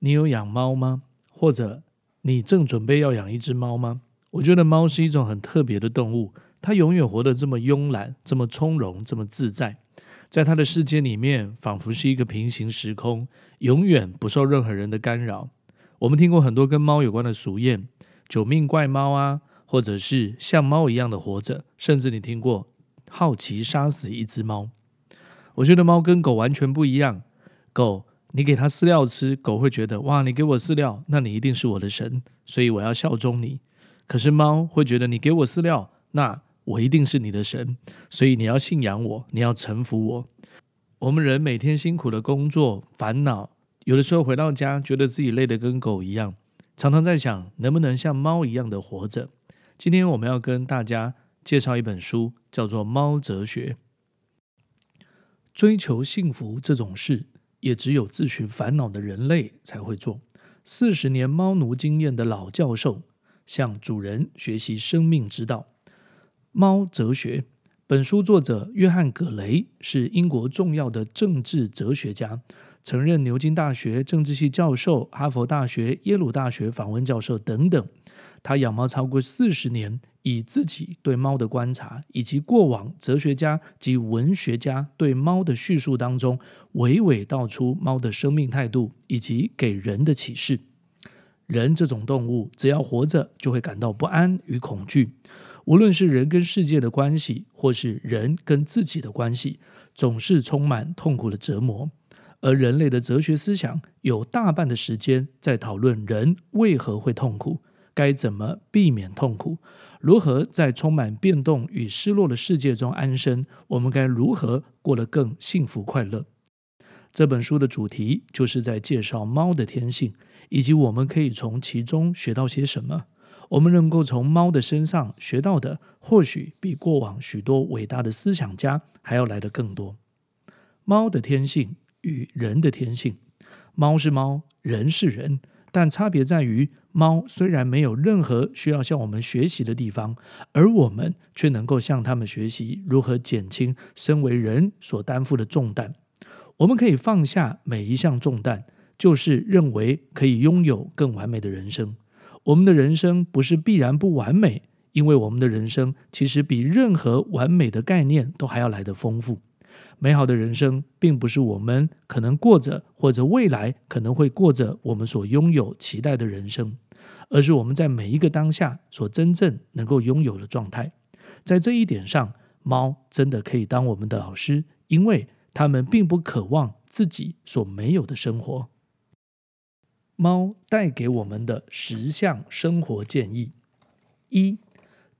你有養貓嗎？或者你正準備要養一隻貓嗎？我覺得貓是一種很特別的動物，它永遠活得這麼慵懶，這麼從容，這麼自在，在它的世界裡面，仿佛是一個平行時空，永遠不受任何人的干擾。我們聽過很多跟貓有關的俗諺，“九命怪貓”啊，或者是像貓一樣的活着，甚至你聽過“好奇殺死一隻貓”。我覺得貓跟狗完全不一樣，狗。你給它飼料吃，狗會覺得哇，你給我飼料，那你一定是我的神，所以我要效忠你。可是貓會覺得，你給我飼料，那我一定是你的神，所以你要信仰我，你要臣服我。我們人每天辛苦的工作、煩惱，有的時候回到家，覺得自己累得跟狗一樣，常常在想，能不能像貓一樣的活着？今天我們要跟大家介紹一本書，叫做《貓哲學》，追求幸福這種事，也只有自尋煩惱的人類才會做。四十年貓奴經驗的老教授，向主人學習生命之道，《貓哲學》。本書作者約翰·葛雷是英國重要的政治哲學家，曾任牛津大學政治系教授、哈佛大學、耶魯大學訪問教授等等。他養貓超過四十年，以自己對貓的觀察，以及過往哲學家及文學家對貓的敘述當中，娓娓道出貓的生命態度以及給人的啟示。人這種動物，只要活着就會感到不安與恐懼，無論是人跟世界的關係，或是人跟自己的關係，總是充滿痛苦的折磨。而人類的哲學思想，有大半的時間在討論人為何會痛苦。該怎麼避免痛苦？如何在充滿變動與失落的世界中安身？我們該如何過得更幸福快樂？這本書的主題就是在介紹貓的天性，以及我們可以從其中學到些什麼。我們能夠從貓的身上學到的，或許比過往許多偉大的思想家還要來得更多。貓的天性與人的天性，貓是貓，人是人。但差別在於，貓雖然沒有任何需要向我們學習的地方，而我們卻能夠向它們學習如何減輕身為人所擔負的重擔。我們可以放下每一項重擔，就是認為可以擁有更完美的人生。我們的人生不是必然不完美，因為我們的人生其實比任何完美的概念都還要來得豐富。美好的人生，並不是我們可能過着，或者未來可能會過着我們所擁有期待的人生，而是我們在每一個當下所真正能夠擁有的狀態。在這一點上，貓真的可以當我們的老師，因為它們並不渴望自己所沒有的生活。貓帶給我們的十項生活建議：一、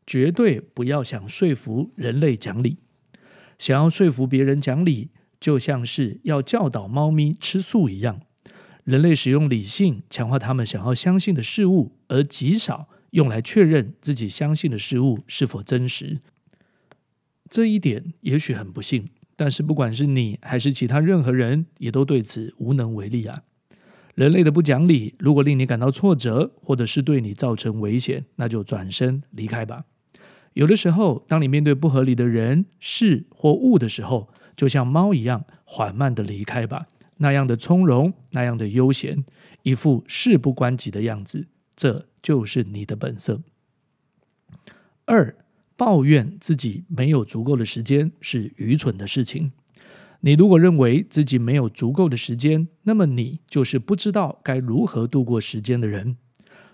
絕對不要想說服人類講理。想要說服別人講理，就像是要教導貓咪吃素一樣。人類使用理性強化他們想要相信的事物，而極少用來確認自己相信的事物是否真實。這一點也許很不幸，但是不管是你還是其他任何人，也都對此無能為力啊。人類的不講理，如果令你感到挫折，或者是對你造成危險，那就轉身離開吧。有的時候，當你面對不合理的人、事或物的時候，就像貓一樣緩慢的離開吧，那樣的從容，那樣的悠閒，一副事不關己的樣子，這就是你的本色。二，抱怨自己沒有足夠的時間是愚蠢的事情。你如果認為自己沒有足夠的時間，那麼你就是不知道該如何度過時間的人。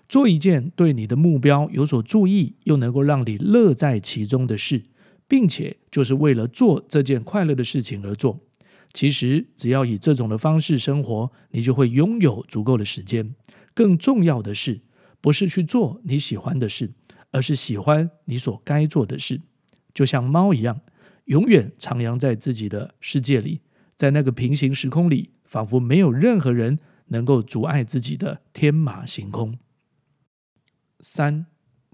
做一件對你的目標有所注意，又能夠讓你樂在其中的事，並且就是為了做這件快樂的事情而做。其實，只要以這種的方式生活，你就會擁有足夠的時間。更重要的是，不是去做你喜歡的事，而是喜歡你所該做的事。就像貓一樣，永遠徜徉在自己的世界裡，在那個平行時空裡，仿佛沒有任何人能夠阻礙自己的天馬行空。三，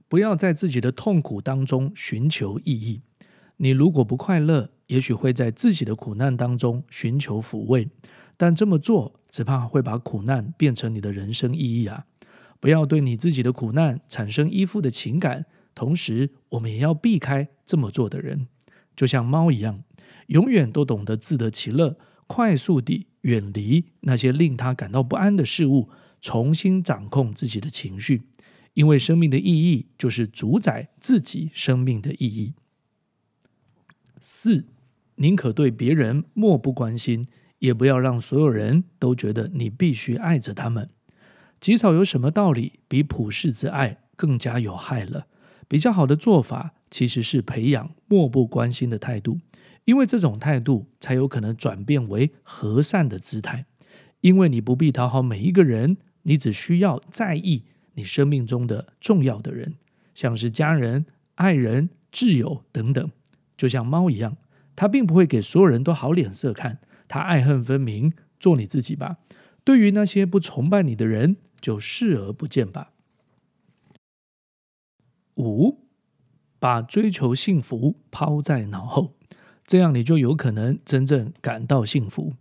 不要在自己的痛苦當中尋求意義。你如果不快樂，也許會在自己的苦難當中尋求撫慰，但這麼做只怕會把苦難變成你的人生意義啊。不要對你自己的苦難產生依附的情感。同時，我們也要避開這麼做的人，就像貓一樣，永遠都懂得自得其樂，快速地遠離那些令他感到不安的事物，重新掌控自己的情緒。因為生命的意義就是主宰自己生命的意義。四，寧可對別人漠不關心，也不要讓所有人都覺得你必須愛着他們。極少有什麼道理比普世之愛更加有害了。比較好的做法其實是培養漠不關心的態度，因為這種態度才有可能轉變為和善的姿態。因為你不必討好每一個人，你只需要在意，你生命中的重要的人，像是家人、愛人、摯友等等，就像貓一樣，它並不會給所有人都好臉色看，它愛恨分明。做你自己吧，對於那些不崇拜你的人，就視而不見吧。五，把追求幸福拋在腦後，這樣你就有可能真正感到幸福。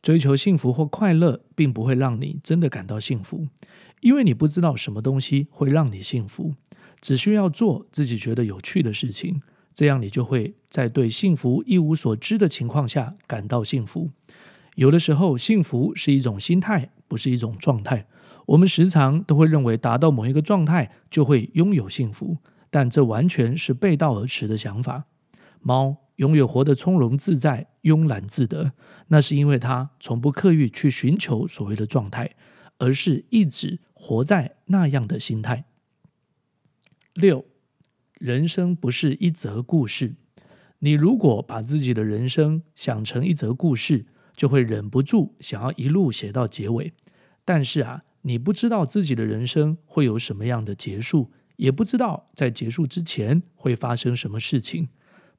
追求幸福或快樂，並不會讓你真的感到幸福。因為你不知道什麼東西會讓你幸福，只需要做自己覺得有趣的事情，這樣你就會在對幸福一無所知的情況下感到幸福。有的時候，幸福是一種心態，不是一種狀態。我們時常都會認為達到某一個狀態就會擁有幸福，但這完全是背道而馳的想法。貓永遠活得從容自在、慵懶自得，那是因為它從不刻意去尋求所謂的狀態。而是一直活在那樣的心態。六，人生不是一則故事，你如果把自己的人生想成一則故事，就會忍不住想要一路寫到結尾。但是啊，你不知道自己的人生會有什麼樣的結束，也不知道在結束之前會發生什麼事情，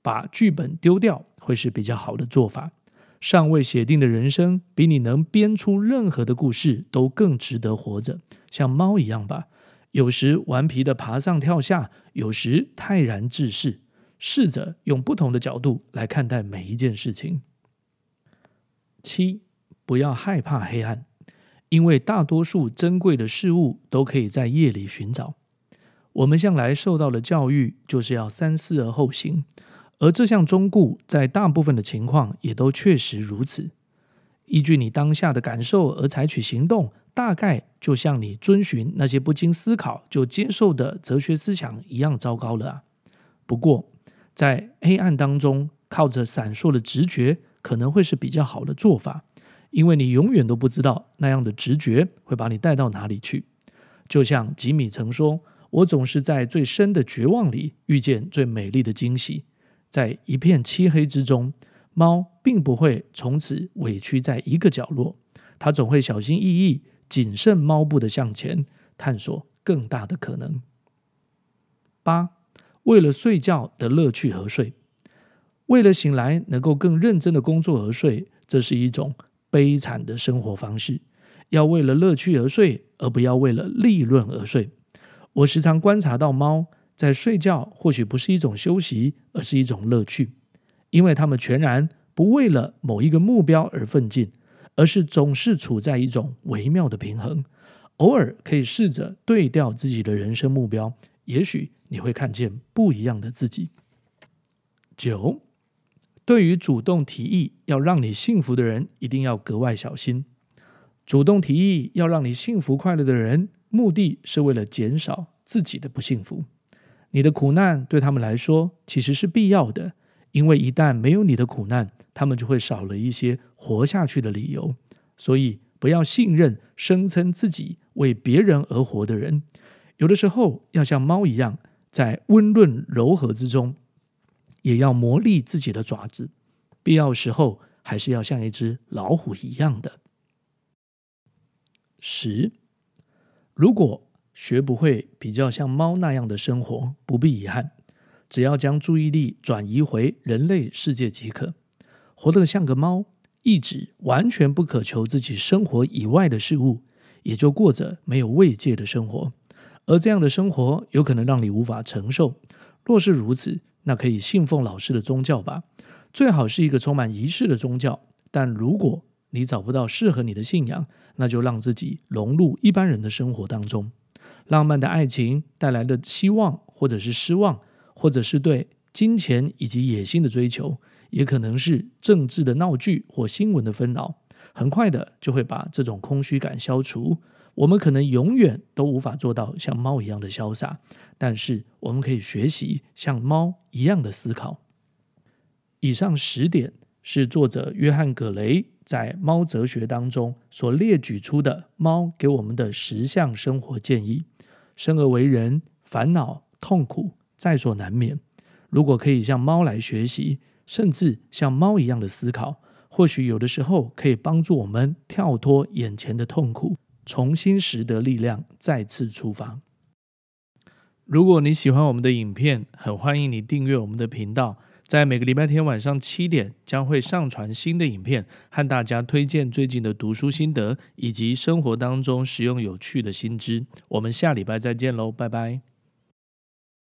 把劇本丟掉會是比較好的做法。尚未寫定的人生，比你能編出任何的故事都更值得活着。像貓一樣吧，有時頑皮地爬上跳下，有時泰然自適，試着用不同的角度來看待每一件事情。七，不要害怕黑暗，因為大多數珍貴的事物都可以在夜裡尋找。我們向來受到的教育，就是要三思而後行。而這項忠告，在大部分的情況也都確實如此。依據你當下的感受而採取行動，大概就像你遵循那些不經思考就接受的哲學思想一樣糟糕了啊。不過，在黑暗當中，靠着閃爍的直覺，可能會是比較好的做法，因為你永遠都不知道那樣的直覺會把你帶到哪裡去。就像吉米曾說：“我總是在最深的絕望裡遇見最美麗的驚喜。”在一片漆黑之中，貓並不會從此委屈在一個角落，它總會小心翼翼、謹慎貓步的向前探索更大的可能。八，為了睡覺的樂趣而睡，為了醒來能夠更認真的工作而睡，這是一種悲慘的生活方式。要為了樂趣而睡，而不要為了利潤而睡。我時常觀察到貓。在睡覺或許不是一種休息，而是一種樂趣，因為他們全然不為了某一個目標而奮進，而是總是處在一種微妙的平衡。偶爾可以試着對調自己的人生目標，也許你會看見不一樣的自己。九，對於主動提議要讓你幸福的人，一定要格外小心。主動提議要讓你幸福快樂的人，目的是為了減少自己的不幸福。你的苦難對他們來說其實是必要的，因為一旦沒有你的苦難，他們就會少了一些活下去的理由。所以不要信任聲稱自己為別人而活的人。有的時候要像貓一樣，在溫潤柔和之中，也要磨礪自己的爪子；必要時候，還是要像一隻老虎一樣的。十，如果。學不會比較像貓那樣的生活，不必遺憾。只要將注意力轉移回人類世界即可。活得像個貓，一直完全不渴求自己生活以外的事物，也就過着沒有慰藉的生活。而這樣的生活有可能讓你無法承受。若是如此，那可以信奉老師的宗教吧。最好是一個充滿儀式的宗教。但如果你找不到適合你的信仰，那就讓自己融入一般人的生活當中。浪漫的愛情帶來的希望，或者是失望，或者是對金錢以及野心的追求，也可能是政治的鬧劇或新聞的紛擾。很快的就會把這種空虛感消除。我們可能永遠都無法做到像貓一樣的瀟灑，但是我們可以學習像貓一樣的思考。以上十點是作者約翰·葛雷在《貓哲學》當中所列舉出的貓給我們的十項生活建議。生而為人，煩惱痛苦在所難免。如果可以像貓來學習，甚至像貓一樣的思考，或許有的時候可以幫助我們跳脫眼前的痛苦，重新拾得力量，再次出發。如果你喜歡我們的影片，很歡迎你訂閱我們的頻道。在每個禮拜天晚上七點，將會上傳新的影片，和大家推薦最近的讀書心得，以及生活當中實用有趣的新知。我們下禮拜再見嘍，拜拜。